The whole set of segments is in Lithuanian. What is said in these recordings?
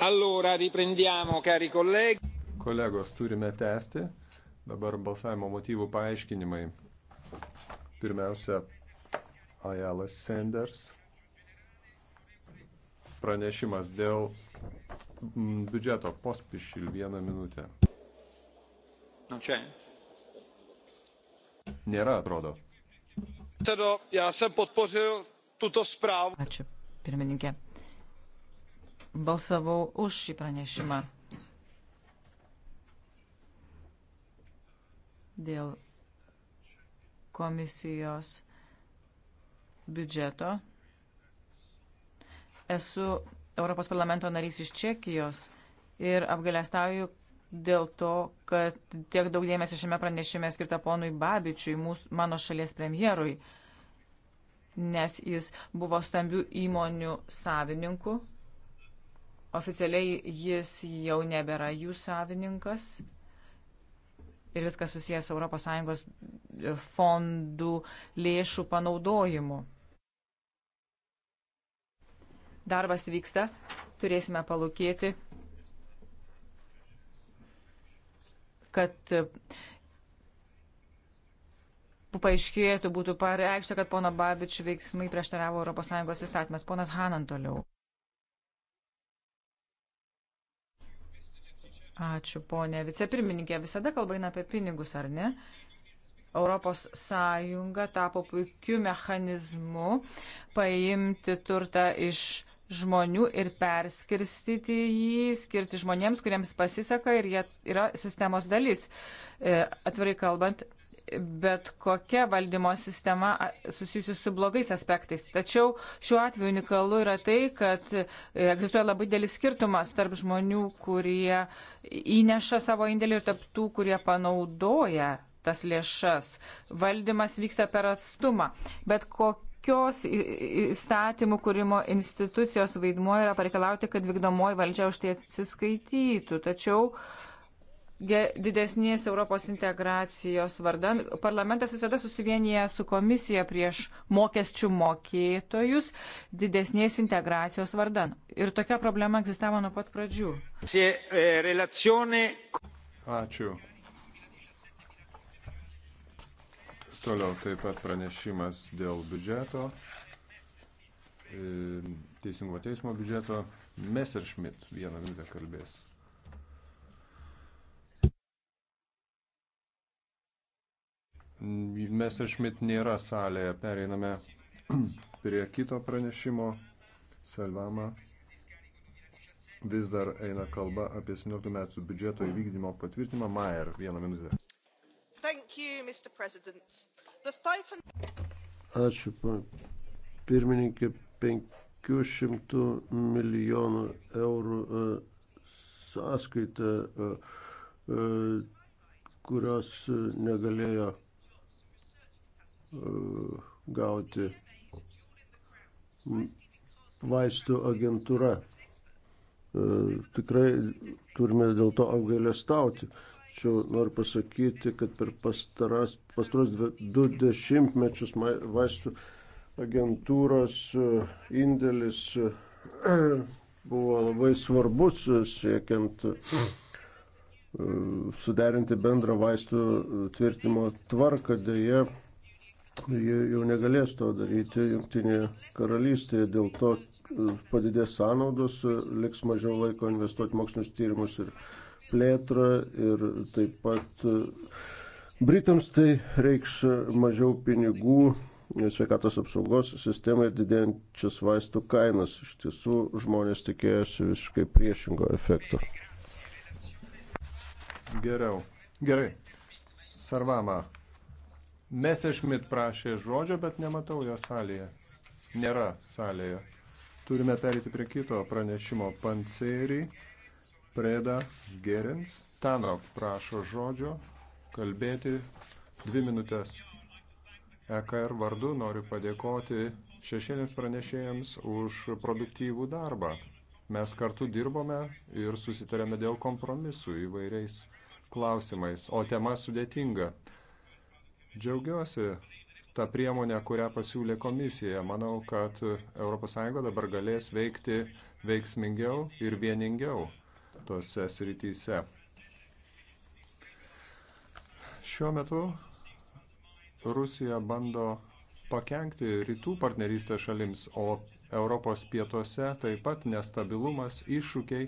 Allora, riprendiamo, cari colleghi. Kolegos, turime tęsti. Dabar balsavimo motyvų paaiškinimai. Pirmiausia, Ayala Sanders. Pranešimas dėl mm, biudžeto pospišil vieną minutę. Nu čia. Nėra, atrodo. Ačiū, pirmininkė. Balsavau už šį pranešimą. Dėl komisijos biudžeto. Esu Europos parlamento narys iš Čekijos ir apgalėstauju dėl to, kad tiek daug dėmesio šiame pranešime skirta ponui Babičiui, mūsų, mano šalies premjerui, nes jis buvo stambių įmonių savininku oficialiai jis jau nebėra jų savininkas ir viskas susijęs ES fondų lėšų panaudojimu. Darbas vyksta, turėsime palūkėti, kad paaiškėtų, būtų pareikšta, kad pono Babič veiksmai prieštaravo ES įstatymas. Ponas Hanan toliau. Ačiū, ponė vicepirmininkė. Visada kalba eina apie pinigus, ar ne? Europos Sąjunga tapo puikiu mechanizmu paimti turtą iš žmonių ir perskirstyti jį, skirti žmonėms, kuriems pasiseka ir jie yra sistemos dalis. E, atvirai kalbant, bet kokia valdymo sistema susijusi su blogais aspektais. Tačiau šiuo atveju unikalu yra tai, kad e, egzistuoja labai dėlis skirtumas tarp žmonių, kurie įneša savo indėlį ir tarp tų, kurie panaudoja tas lėšas. Valdymas vyksta per atstumą. Bet kokios įstatymų kūrimo institucijos vaidmuo yra pareikalauti, kad vykdomoji valdžia už tai atsiskaitytų. Tačiau uh, didesnės Europos integracijos vardan. Parlamentas visada susivienyje su komisija prieš mokesčių mokėtojus didesnės integracijos vardan. Ir tokia problema egzistavo nuo pat pradžių. Eh, Ačiū. Toliau taip pat pranešimas dėl biudžeto, e, teisingumo teismo biudžeto. Messerschmidt vieną minutę kalbės. Mes ir Šmit nėra salėje. Pereiname prie kito pranešimo. Salvama vis dar eina kalba apie 17 metų biudžeto įvykdymo patvirtinimą. Maier, vieną minutę. Ačiū, pirmininkė, 500 milijonų eurų e, sąskaita, e, e, kurios negalėjo E, gauti vaistų agentūra. E, tikrai turime dėl to apgailestauti. Tačiau noriu pasakyti, kad per pastaras, pastaros du dešimtmečius vaistų agentūros e, indėlis buvo labai svarbus siekiant suderinti bendrą vaistų tvirtimo tvarką. Deja, jie jau negalės to daryti Junktinėje karalystėje, dėl to e, padidės sąnaudos, e, liks mažiau laiko investuoti mokslinius tyrimus ir plėtrą ir taip pat e, Britams tai reikš mažiau pinigų sveikatos apsaugos sistemai ir didėjančias vaistų kainas. Iš tiesų žmonės tikėjosi visiškai priešingo efekto. Geriau. Gerai. Sarvama Mesešmit prašė žodžio, bet nematau jo salėje. Nėra salėje. Turime perėti prie kito pranešimo. Pancerį, Preda, Gerins. Tano prašo žodžio kalbėti dvi minutės. EKR er vardu noriu padėkoti šešėlėms pranešėjams už produktyvų darbą. Mes kartu dirbome ir susitarėme dėl kompromisų įvairiais klausimais, o tema sudėtinga. Džiaugiuosi tą priemonę, kurią pasiūlė komisija. Manau, kad ES dabar galės veikti veiksmingiau ir vieningiau tose srityse. Šiuo metu Rusija bando pakengti rytų partnerystės šalims, o Europos pietuose taip pat nestabilumas, iššūkiai,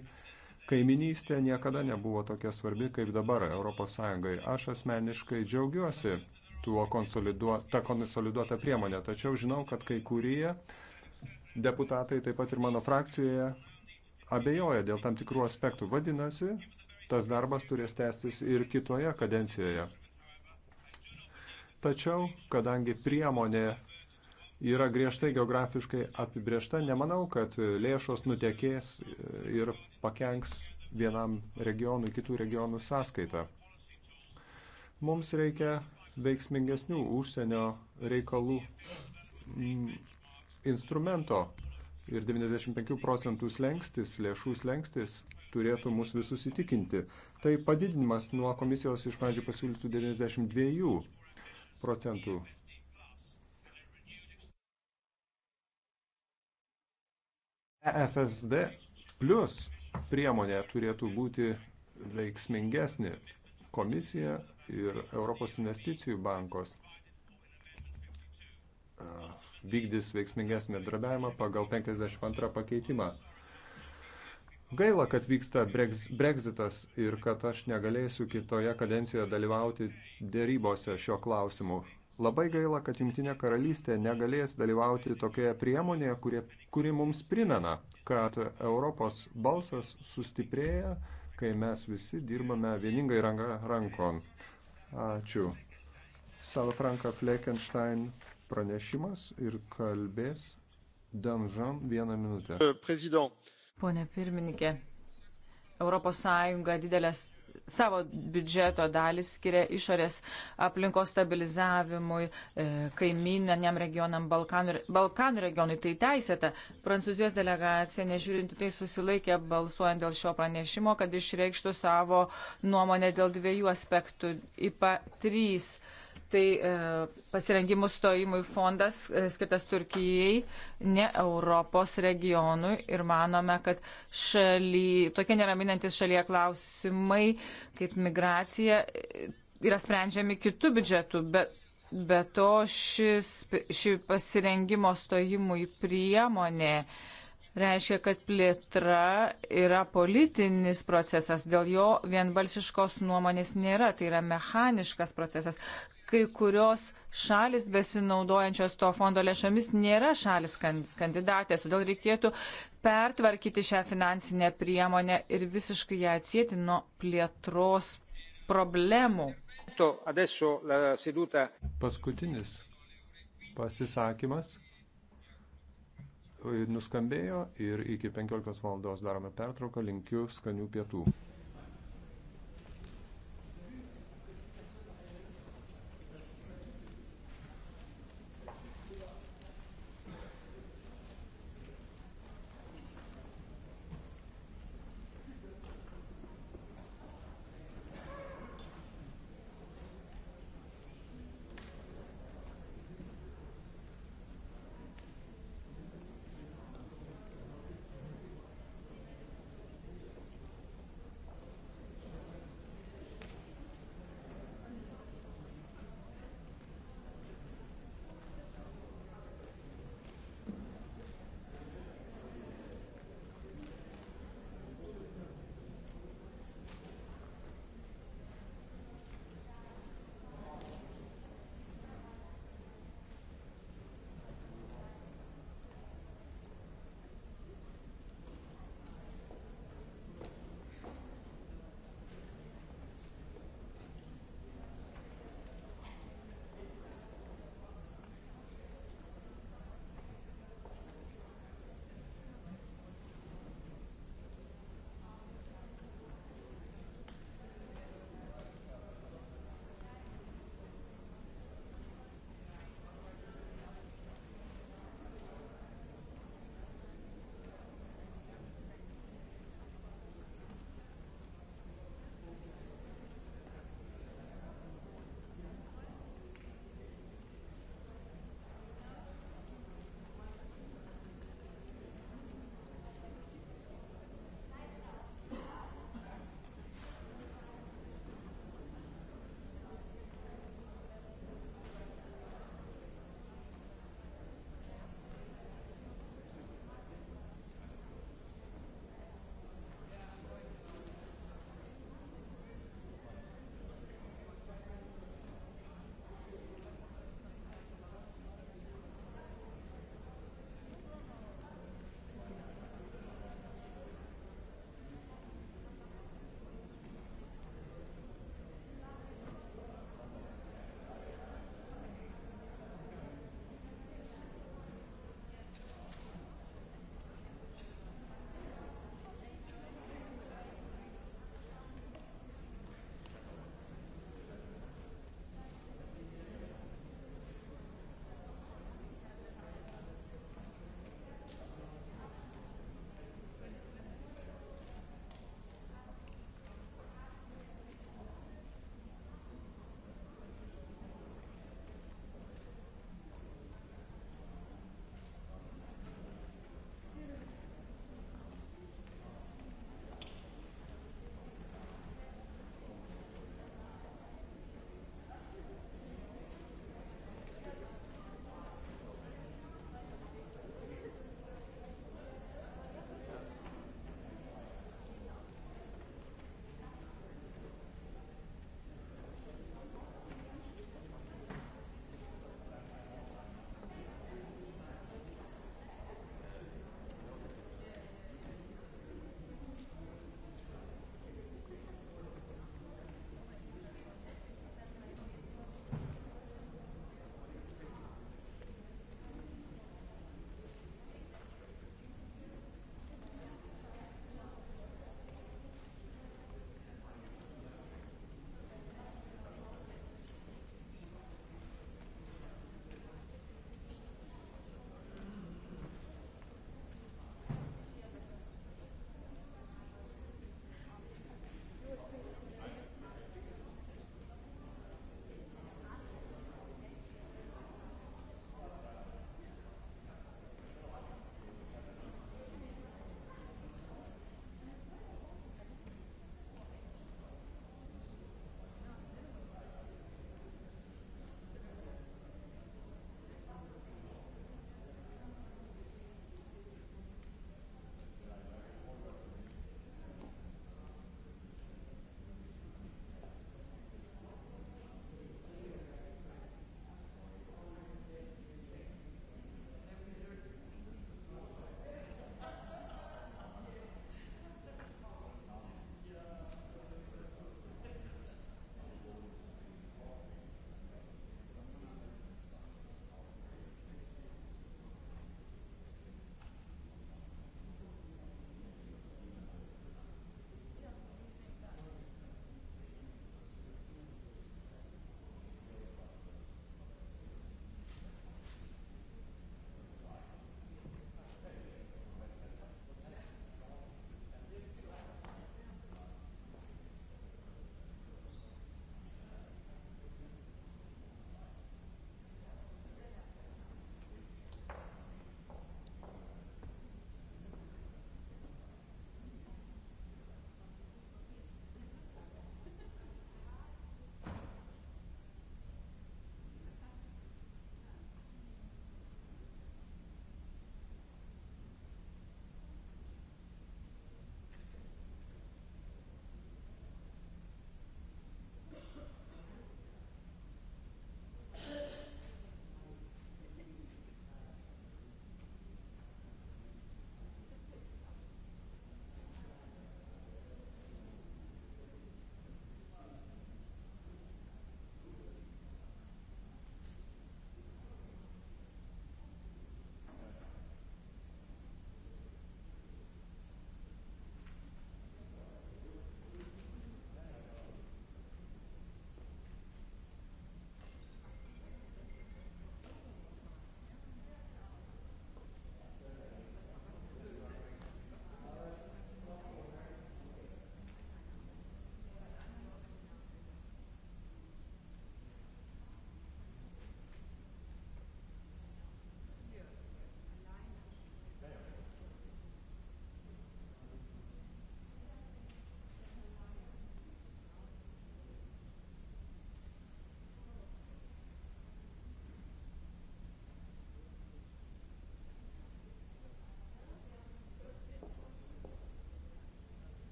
kaiminystė niekada nebuvo tokia svarbi kaip dabar ES. Aš asmeniškai džiaugiuosi tuo konsoliduo, ta konsoliduota priemonė. Tačiau žinau, kad kai kurie deputatai, taip pat ir mano frakcijoje, abejoja dėl tam tikrų aspektų. Vadinasi, tas darbas turės tęstis ir kitoje kadencijoje. Tačiau, kadangi priemonė yra griežtai geografiškai apibriešta, nemanau, kad lėšos nutekės ir pakenks vienam regionui, kitų regionų sąskaitą. Mums reikia veiksmingesnių užsienio reikalų mm, instrumento. Ir 95 procentų slengstis, lėšų slengstis turėtų mus visus įtikinti. Tai padidinimas nuo komisijos iš pradžių pasiūlytų 92 procentų. EFSD plus priemonė turėtų būti veiksmingesnė. Komisija ir Europos investicijų bankos vykdys veiksmingesnį drabiavimą pagal 52 pakeitimą. Gaila, kad vyksta Brexitas ir kad aš negalėsiu kitoje kadencijoje dalyvauti dėrybose šio klausimu. Labai gaila, kad Jungtinė karalystė negalės dalyvauti tokioje priemonėje, kuri, kuri mums primena, kad Europos balsas sustiprėja kai mes visi dirbame vieningai rankon. Ačiū. Sala Franka Fleckenstein pranešimas ir kalbės Danžan vieną minutę. Prezident. Pone pirmininkė, ES didelės savo biudžeto dalį skiria išorės aplinkos stabilizavimui, e, kaimininiam regionam Balkanų, Balkanų regionui. Tai teisėta. Prancūzijos delegacija, nežiūrint tai, susilaikė balsuojant dėl šio pranešimo, kad išreikštų savo nuomonę dėl dviejų aspektų. IPA 3 tai e, pasirengimų stojimui fondas e, skirtas Turkijai, ne Europos regionui ir manome, kad šaly, tokie neraminantis šalyje klausimai kaip migracija e, yra sprendžiami kitų biudžetų, bet be to šis, ši pasirengimo stojimui priemonė reiškia, kad plėtra yra politinis procesas, dėl jo vienbalsiškos nuomonės nėra, tai yra mechaniškas procesas kai kurios šalis besinaudojančios to fondo lėšomis nėra šalis kandidatės, todėl reikėtų pertvarkyti šią finansinę priemonę ir visiškai ją atsėti nuo plėtros problemų. Paskutinis pasisakymas e, nuskambėjo ir iki 15 val. darome pertrauką, linkiu skanių pietų.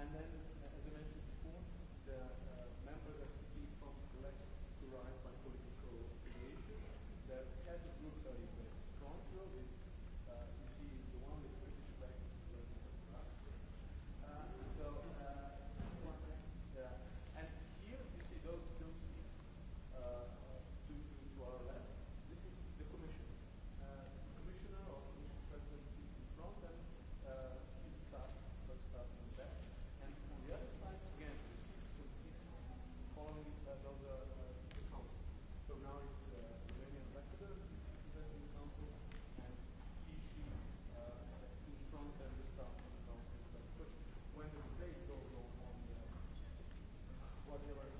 And then, uh, as I mentioned before, the uh, members are split from left to right by political affiliation. The heads of groups are in the strong group, is whatever